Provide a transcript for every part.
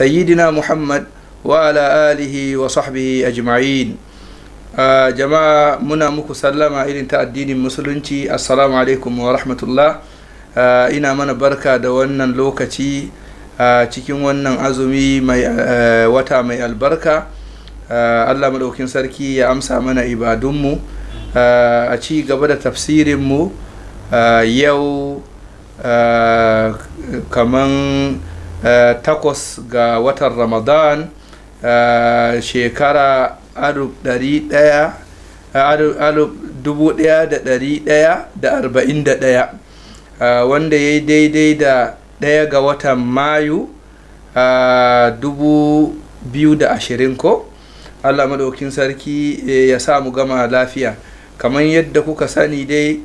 سيدنا محمد وعلى آله وصحبه أجمعين آه جماعة منا مكو سلما إلين تأدين المسلمين السلام عليكم ورحمة الله آه إنا من بركة دوانا لوكتي آه cikin wannan azumi mai wata mai albarka Allah madaukin sarki ya amsa mana ibadunmu a ci gaba da tafsirinmu yau kaman Eh, takwas ga watan ramadan eh, shekara alif eh, ɗaya da arba'in da wanda ya yi daidai da ɗaya ga watan mayu dubu biyu da ashirin ko allah maɗaukin sarki ya sa mu gama lafiya kamar yadda kuka sani dai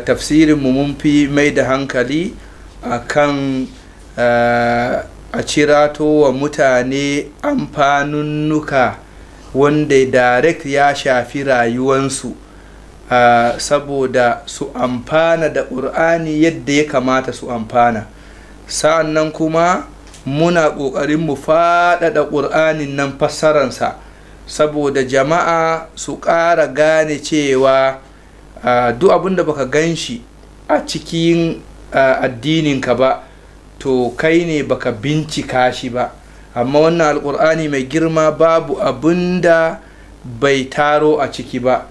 tafsirin mu mun fi mai da hankali a kan Eh, a cirato wa mutane amfanunnuka wanda direct ya shafi rayuwansu eh, saboda su amfana da ƙur'ani yadda ya kamata su amfana sa'annan kuma muna ƙoƙarin mu faɗaɗa ƙur'anin nan fassaransa saboda jama'a su ƙara gane cewa eh, duk abin da baka gan shi a cikin addininka ba to kai ne baka bincika shi ba amma wannan alkur'ani mai girma babu abin da bai taro a ciki ba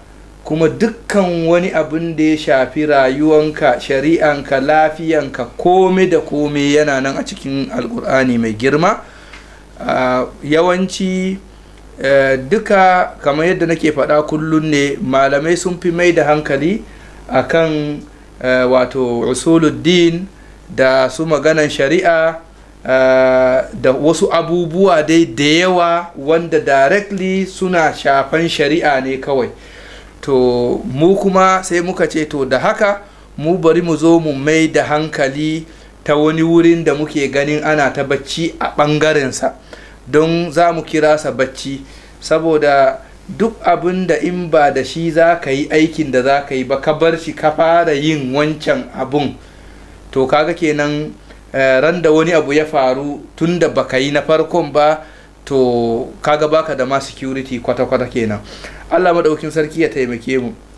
kuma dukkan wani abin da ya shafi rayuwanka shari'anka lafiyanka kome da kome yana nan a cikin alkur'ani mai girma yawanci e, duka kamar yadda nake faɗa kullum ne malamai sun fi mai da hankali akan e, wato usuluddin da su maganan shari'a eh, da wasu abubuwa dai da yawa wanda directly suna shafan shari'a ne kawai to mu kuma sai muka ce to da haka mu bari mu zo mu mai da hankali ta wani wurin da muke ganin ana ta bacci a ɓangarensa don za mu kira sa bacci saboda duk abin da in ba da shi za ka yi aikin da za ka yi ba ka bar shi ka fara yin wancan abun. to kaga kenan eh, randa wani abu ya faru tun da baka yi na farkon ba to kaga baka da ma security kwata-kwata kenan allah maɗaukin sarki ya taimake mu